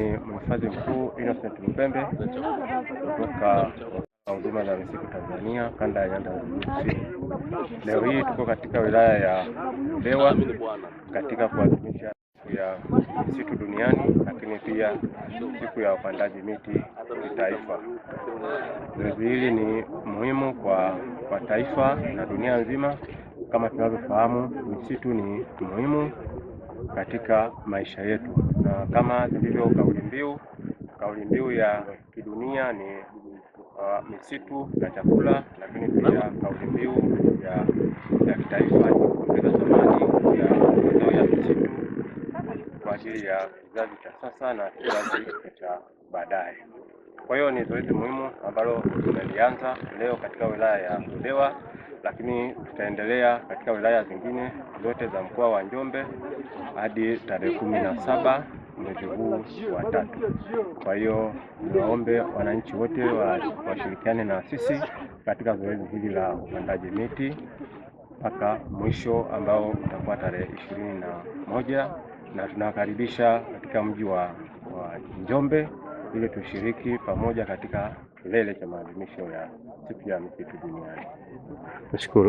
Ni mhifadhi mkuu Innocent Lupembe kutoka huduma za misitu Tanzania, kanda ya Nyanda za Juu Kusini. Leo hii tuko katika wilaya ya Ludewa katika kuadhimisha siku ya misitu duniani, lakini pia siku ya upandaji miti kitaifa. Zoezi hili ni muhimu kwa, kwa taifa na dunia nzima. Kama tunavyofahamu, misitu ni muhimu katika maisha yetu na kama zilivyo kauli mbiu, kauli mbiu ya kidunia ni uh, misitu na chakula, lakini pia kauli mbiu ya, ya kitaifa kuongeza thamani ya mazao ya misitu kwa ajili ya kizazi cha sasa na kizazi cha baadaye. Kwa hiyo ni zoezi muhimu ambalo tumelianza leo katika wilaya ya Ludewa lakini tutaendelea katika wilaya zingine zote za mkoa wa Njombe hadi tarehe kumi na saba mwezi huu wa tatu. Kwa hiyo niwaombe wananchi wote washirikiane na sisi katika zoezi hili la upandaji miti mpaka mwisho ambao utakuwa tarehe ishirini na moja na tunawakaribisha katika mji wa, wa Njombe ili tushiriki pamoja katika kilele cha maadhimisho ya siku ya msitu duniani. Nashukuru.